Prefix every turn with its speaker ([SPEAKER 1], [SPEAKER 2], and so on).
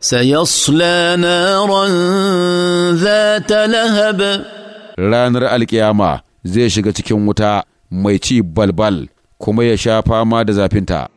[SPEAKER 1] سيصلى نارا ذات لهب ranar alƙiyama zai shiga cikin wuta mai ci balbal kuma ya
[SPEAKER 2] sha fama da zafinta.